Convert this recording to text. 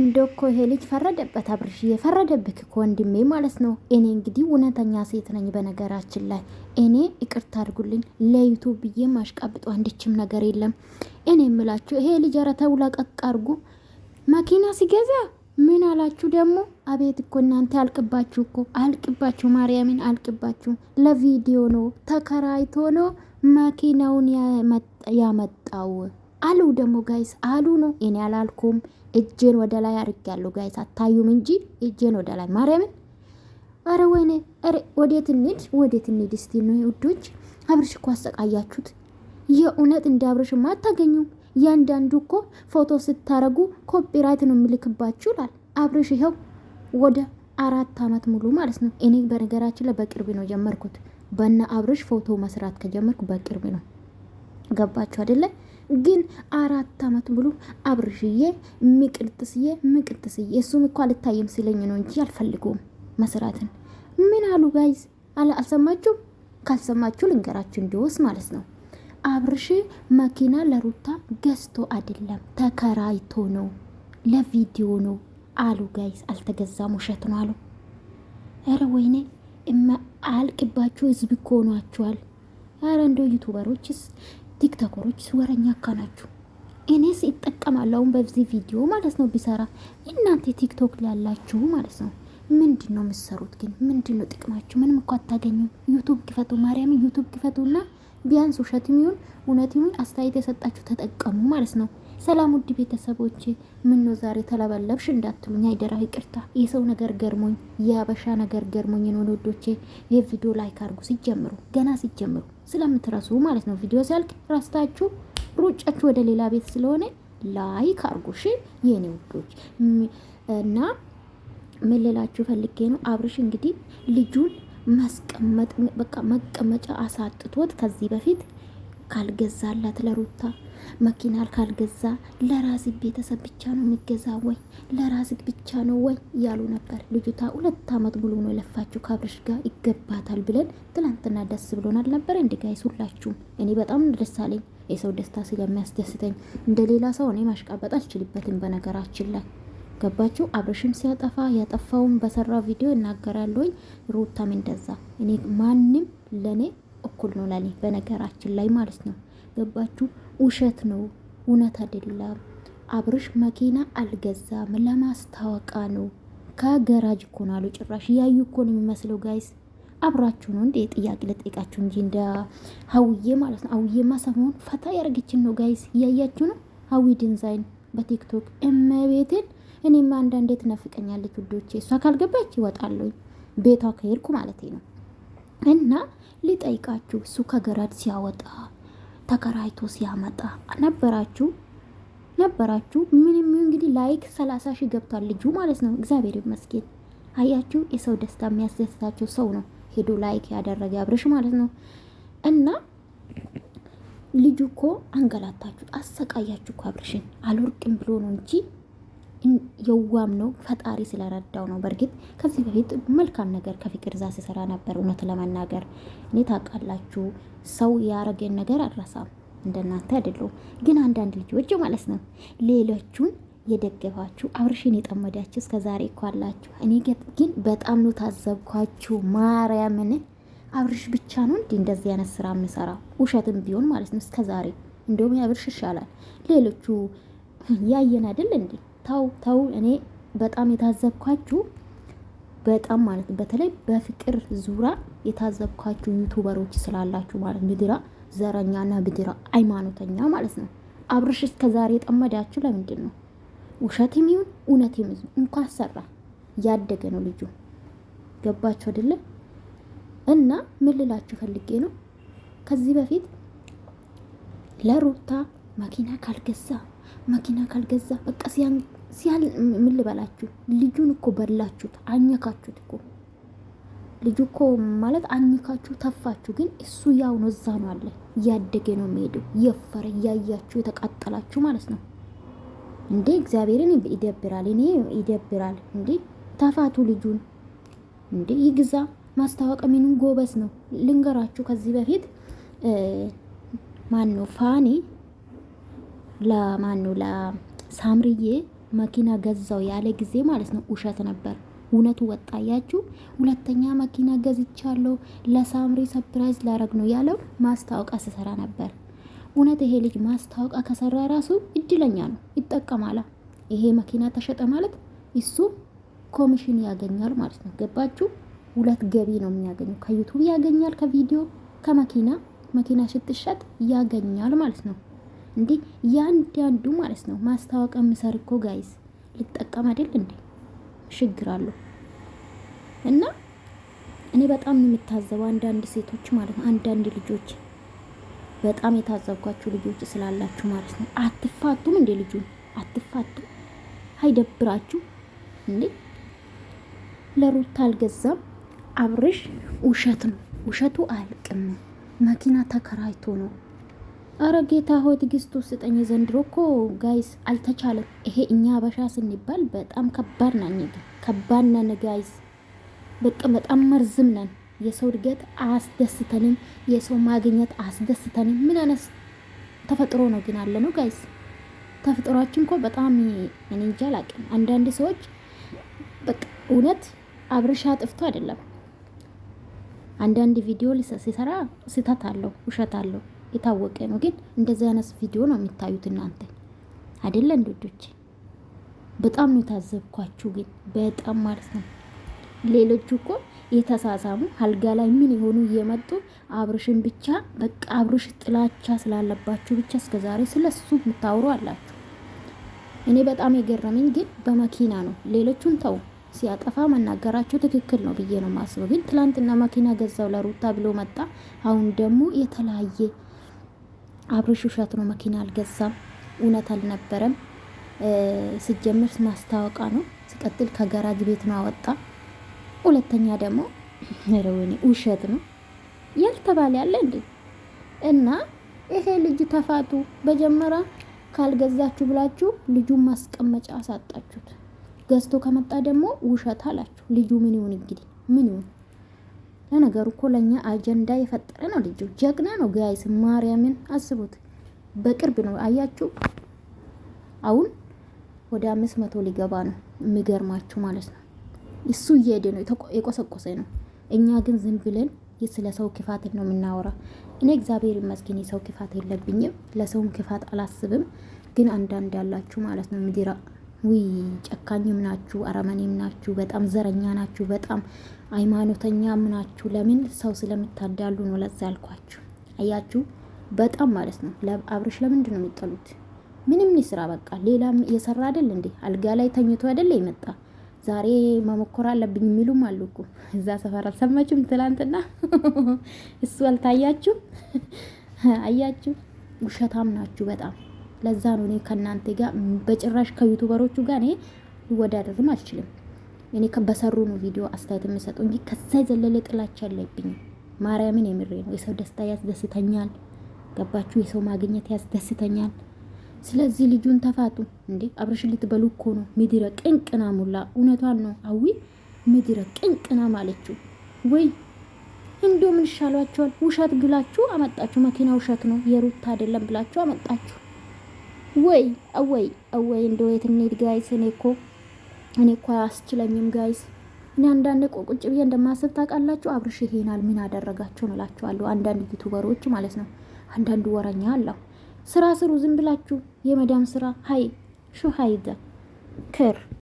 እኮ ይሄ ልጅ ፈረደበት፣ አብርሽ የፈረደብክ ወንድሜ ማለት ነው። እኔ እንግዲህ እውነተኛ ሴት ነኝ። በነገራችን ላይ እኔ ይቅርታ አድርጉልኝ፣ ለዩቱ ብዬ ማሽቃብጦ አንድችም ነገር የለም። እኔ የምላችሁ ይሄ ልጅ ረተው ለቀቅ አድርጉ። መኪና ሲገዛ ምን አላችሁ ደግሞ? አቤት እኮ እናንተ አልቅባችሁ እኮ አልቅባችሁ፣ ማርያምን አልቅባችሁ። ለቪዲዮ ነው ተከራይቶ ነው መኪናውን ያመጣው አሉ ደግሞ ጋይስ አሉ ነው። እኔ አላልኩም እጄን ወደ ላይ አድርጌያለሁ። ጋይስ አታዩም እንጂ እጄን ወደ ላይ ማርያምን። አረ ወይኔ! አረ ወዴት እንሂድ? ወዴት እንሂድ? እስቲ ነው ውዶች፣ አብርሽ እኮ አሰቃያችሁት። የእውነት እንደ አብርሽማ አታገኙም። እያንዳንዱ እኮ ፎቶ ስታረጉ ኮፒራይት ነው የሚልክባችሁ ይላል አብርሽ። ይኸው ወደ አራት አመት ሙሉ ማለት ነው። እኔ በነገራችን ላይ በቅርብ ነው ጀመርኩት። በነ አብርሽ ፎቶ መስራት ከጀመርኩ በቅርብ ነው። ገባችሁ አይደለ? ግን አራት አመት ብሎ አብርሽዬ ምቅልጥስዬ ምቅልጥስዬ እሱም እኮ አልታየም ሲለኝ ነው እንጂ አልፈልገውም መስራትን። ምን አሉ ጋይዝ አልሰማችሁ? ካልሰማችሁ ልንገራችሁ እንዲወስ ማለት ነው። አብርሽ መኪና ለሩታ ገዝቶ አይደለም ተከራይቶ ነው ለቪዲዮ ነው አሉ ጋይዝ። አልተገዛም፣ ውሸት ነው አሉ። ኧረ ወይኔ አልቅባችሁ፣ ህዝብ እኮ ሆኗችኋል። አረ እንደው ዩቱበሮችስ ቲክቶከሮችስ ወረኛ እኮ ናችሁ። እኔስ ይጠቀማለሁ አሁን በዚህ ቪዲዮ ማለት ነው ቢሰራ። እናንተ ቲክቶክ ላላችሁ ማለት ነው ምንድን ነው የምትሰሩት ግን? ምንድን ነው ጥቅማችሁ? ምንም እኮ አታገኙም። ዩቱብ ክፈቱ፣ ማርያም ዩቱብ ክፈቱና ቢያንስ ውሸት ይሁን እውነት ይሁን አስተያየት የሰጣችሁ ተጠቀሙ ማለት ነው። ሰላም ውድ ቤተሰቦች፣ ምኖ ዛሬ ተለበለብሽ እንዳትሉኝ አይደራ፣ ይቅርታ የሰው ነገር ገርሞኝ የአበሻ ነገር ገርሞኝ ነው። ውዶቼ የቪዲዮ ላይክ አድርጉ ሲጀምሩ ገና ሲጀምሩ ስለምትረሱ ማለት ነው። ቪዲዮ ሲያልቅ ራስታችሁ ሩጫችሁ ወደ ሌላ ቤት ስለሆነ ላይክ አድርጉ እሺ የኔ ውዶች እና ምን ልላችሁ ፈልጌ ነው አብርሽ እንግዲህ ልጁን ማስቀመጥ በቃ መቀመጫ አሳጥቶት ከዚህ በፊት ካልገዛላት ለሩታ መኪና ካልገዛ ለራስ ቤተሰብ ብቻ ነው የሚገዛ ወይ ለራስ ብቻ ነው ወይ እያሉ ነበር። ልጅቷ ሁለት ዓመት ሙሉ ነው የለፋችሁ ካብረሽ ጋር ይገባታል ብለን ትላንትና ደስ ብሎናል ነበር። እንዲ ጋይስ ሁላችሁም እኔ በጣም ደስ አለኝ። የሰው ደስታ ስለሚያስደስተኝ እንደ ሌላ ሰው እኔ ማሽቃበጥ አልችልበትም በነገራችን ላይ ገባችሁ? አብርሽም ሲያጠፋ ያጠፋውን በሰራው ቪዲዮ እናገራለሁኝ። ሩታም እንደዛ። እኔ ማንም ለእኔ እኩል ነው ለእኔ በነገራችን ላይ ማለት ነው። ገባችሁ? ውሸት ነው፣ እውነት አይደለም። አብርሽ መኪና አልገዛም፣ ለማስታወቂያ ነው። ከገራጅ እኮ ነው አሉ። ጭራሽ እያዩ እኮ ነው የሚመስለው ጋይስ አብራችሁ ነው እንዴ? ጥያቄ ልጠይቃችሁ እንጂ እንደ ሀውዬ ማለት ነው። ሀውዬማ ሰሞኑን ፈታ ያደርግችን ነው ጋይስ፣ እያያችሁ ነው። ሀዊ ድንዛይን በቲክቶክ እመቤትን እኔም አንዳንዴ ትናፍቀኛለች ውዶቼ። እሷ ካልገባች ይወጣለኝ ቤቷ ከሄድኩ ማለት ነው። እና ሊጠይቃችሁ እሱ ከገረድ ሲያወጣ ተከራይቶ ሲያመጣ ነበራችሁ ነበራችሁ ምንም እንግዲህ ላይክ ሰላሳ ሺህ ገብቷል ልጁ ማለት ነው። እግዚአብሔር ይመስገን። አያችሁ የሰው ደስታ የሚያስደስታቸው ሰው ነው ሄዶ ላይክ ያደረገ አብርሽ ማለት ነው። እና ልጁ እኮ አንገላታችሁ፣ አሰቃያችሁ እኮ አብርሽን አልወርቅም ብሎ ነው እንጂ የዋም ነው ፈጣሪ ስለረዳው ነው። በእርግጥ ከዚህ በፊት መልካም ነገር ከፍቅር ዛ ሲሰራ ነበር። እውነት ለመናገር እኔ ታውቃላችሁ፣ ሰው ያረገን ነገር አልረሳም። እንደናንተ አይደለሁም፣ ግን አንዳንድ ልጆች ማለት ነው ሌሎቹን የደገፋችሁ አብርሽን የጠመዳችሁ እስከ ዛሬ እኮ አላችሁ። እኔ ግን በጣም ነው ታዘብኳችሁ። ማርያምን አብርሽ ብቻ ነው እንዲ እንደዚህ አይነት ስራ የምሰራ ውሸትም ቢሆን ማለት ነው እስከ ዛሬ እንደውም ያብርሽ ይሻላል። ሌሎቹ ያየን አይደል እንዴ ተው ተው። እኔ በጣም የታዘብኳችሁ በጣም ማለት በተለይ በፍቅር ዙራ የታዘብኳችሁ ዩቱበሮች ስላላችሁ ማለት ብድራ ዘረኛና ብድራ ሃይማኖተኛ ማለት ነው። አብርሽ እስከ ዛሬ የጠመዳችሁ ለምንድን ነው? ውሸት የሚሆን እውነት ይሁን እንኳ ሰራ ያደገ ነው ልጁ። ገባችሁ አይደለ? እና ምን ልላችሁ ፈልጌ ነው ከዚህ በፊት ለሩታ መኪና ካልገዛ መኪና ካልገዛ በቃ ሲያል ምን ልበላችሁ፣ ልጁን እኮ በላችሁት፣ አኘካችሁት እኮ ልጁ እኮ ማለት አኝካችሁ ተፋችሁ። ግን እሱ ያው ነው፣ እዛ ነው አለ፣ እያደገ ነው የሚሄደው። እየፈረ እያያችሁ የተቃጠላችሁ ማለት ነው እንዴ! እግዚአብሔርን ይደብራል፣ እኔ ይደብራል እንዴ! ተፋቱ ልጁን እንዴ! ይግዛ ማስታወቅ ምኑን ጎበዝ ነው ልንገራችሁ። ከዚህ በፊት ማን ነው ፋኔ ለማኑ ለሳምርዬ መኪና ገዛው ያለ ጊዜ ማለት ነው ውሸት ነበር። እውነቱ ወጣያችሁ። ሁለተኛ መኪና ገዝቻለሁ ለሳምሪ ሰፕራይዝ ላረግ ነው ያለው ማስታወቂያ ስሰራ ነበር። እውነት ይሄ ልጅ ማስታወቂያ ከሰራ ራሱ እድለኛ ነው፣ ይጠቀማላ። ይሄ መኪና ተሸጠ ማለት እሱ ኮሚሽን ያገኛል ማለት ነው። ገባችሁ? ሁለት ገቢ ነው የሚያገኘው። ከዩቱብ ያገኛል፣ ከቪዲዮ፣ ከመኪና መኪና ስትሸጥ ያገኛል ማለት ነው። እንዴ ያንዳንዱ ማለት ነው ማስታወቂያ የምሰር እኮ ጋይዝ ልጠቀም አይደል እንዴ ሽግራለሁ እና እኔ በጣም የምታዘበው አንዳንድ ሴቶች ማለት ነው አንዳንድ ልጆች በጣም የታዘብኳችሁ ልጆች ስላላችሁ ማለት ነው አትፋቱም እንዴ ልጁ አትፋቱም አይደብራችሁ እንዴ ለሩት አልገዛም አብርሽ ውሸት ነው ውሸቱ አያልቅም መኪና ተከራይቶ ነው አረ ጌታ ሆይ ትግስቱ ስጠኝ። ዘንድሮ እኮ ጋይስ አልተቻለም። ይሄ እኛ አበሻ ስንባል በጣም ከባድ ነን፣ ከባድ ነን ጋይስ። በቃ በጣም መርዝም ነን። የሰው እድገት አስደስተንም የሰው ማግኘት አስደስተንም ምን አይነት ተፈጥሮ ነው ግን አለ ነው ጋይስ። ተፈጥሯችን እኮ በጣም እኔ እንጃ አላውቅም። አንዳንድ ሰዎች በቃ እውነት አብርሻ ጥፍቶ አይደለም። አንዳንድ ቪዲዮ ሲሰራ ስህተት አለው፣ ውሸት አለው የታወቀ ነው። ግን እንደዚህ አይነት ቪዲዮ ነው የሚታዩት እናንተ አይደለ እንዶዶች? በጣም ነው የታዘብኳችሁ። ግን በጣም ማለት ነው ሌሎቹ እኮ የተሳሳሙ አልጋ ላይ ምን የሆኑ እየመጡ አብርሽን ብቻ በቃ አብርሽ ጥላቻ ስላለባችሁ ብቻ እስከዛሬ ስለሱ የምታውሩ አላችሁ። እኔ በጣም የገረመኝ ግን በመኪና ነው። ሌሎቹን ተው ሲያጠፋ መናገራቸው ትክክል ነው ብዬ ነው ማስበው። ግን ትላንትና መኪና ገዛው ለሩታ ብሎ መጣ። አሁን ደግሞ የተለያየ አብርሽ ውሸት ነው፣ መኪና አልገዛም፣ እውነት አልነበረም። ስጀምር ማስታወቂያ ነው፣ ሲቀጥል ከጋራጅ ቤት ነው አወጣ። ሁለተኛ ደግሞ ረወኔ ውሸት ነው ያልተባለ ያለ እንዴ! እና ይሄ ልጅ ተፋቱ በጀመራ ካልገዛችሁ ብላችሁ ልጁን ማስቀመጫ አሳጣችሁት። ገዝቶ ከመጣ ደግሞ ውሸት አላችሁ። ልጁ ምን ይሁን እንግዲህ ምን ይሁን? ለነገሩ እኮ ለእኛ አጀንዳ የፈጠረ ነው ልጁ። ጀግና ነው ጋይስ፣ ማርያምን አስቡት። በቅርብ ነው አያችሁ። አሁን ወደ አምስት መቶ ሊገባ ነው የሚገርማችሁ ማለት ነው። እሱ እየሄደ ነው የቆሰቆሰ ነው። እኛ ግን ዝም ብለን ስለ ሰው ክፋት ነው የምናወራ። እኔ እግዚአብሔር ይመስገን የሰው ክፋት የለብኝም፣ ለሰውም ክፋት አላስብም። ግን አንዳንድ ያላችሁ ማለት ነው ምድራ ውይ ጨካኝም ናችሁ፣ አረመኔም ናችሁ፣ በጣም ዘረኛ ናችሁ፣ በጣም ሃይማኖተኛ ምናችሁ ለምን ሰው ስለምታዳሉ ነው። ለዛ ያልኳችሁ አያችሁ፣ በጣም ማለት ነው። አብርሽ ለምንድን ነው የሚጠሉት? ምንም ይስራ በቃ። ሌላ እየሰራ አይደል እንዴ? አልጋ ላይ ተኝቶ አይደል ይመጣ ዛሬ መሞከር አለብኝ የሚሉም አሉ እኮ እዛ ሰፈር አልሰማችሁም? ትላንትና እሱ አልታያችሁም? አያችሁ፣ ውሸታም ናችሁ በጣም። ለዛ ነው እኔ ከእናንተ ጋር በጭራሽ ከዩቱበሮቹ ጋር እኔ አልችልም። እኔ በሰሩ ነው ቪዲዮ አስተያየት የምሰጠው እንጂ ከዛ የዘለለ ጥላቻ የለብኝም። ማርያምን የምሬ ነው። የሰው ደስታ ያስደስተኛል። ገባችሁ? የሰው ማግኘት ያስደስተኛል። ስለዚህ ልጁን ተፋቱ እንዴ! አብረሽ ልትበሉ እኮ ነው። ምድረ ቅንቅና ሙላ እውነቷን ነው። አዊ ምድረ ቅንቅና ማለችው ወይ እንዶ ምን ይሻሏቸዋል? ውሸት ብላችሁ አመጣችሁ። መኪና ውሸት ነው የሩት አይደለም ብላችሁ አመጣችሁ ወይ? አወይ አወይ፣ እንደ የት ጋይስ? እኔ እኮ እኔ እኮ አስችለኝም ጋይስ። እኔ አንዳንድ ቁጭ ብዬ እንደማስብ ታውቃላችሁ። አብርሽ ይሄናል ምን አደረጋችሁ ነው አንዳንድ ዩቱበሮች ማለት ነው። አንዳንድ ወረኛ አለው። ስራ ስሩ ዝም ብላችሁ የመዳም ስራ ሀይ ሹ ሀይዘ ክር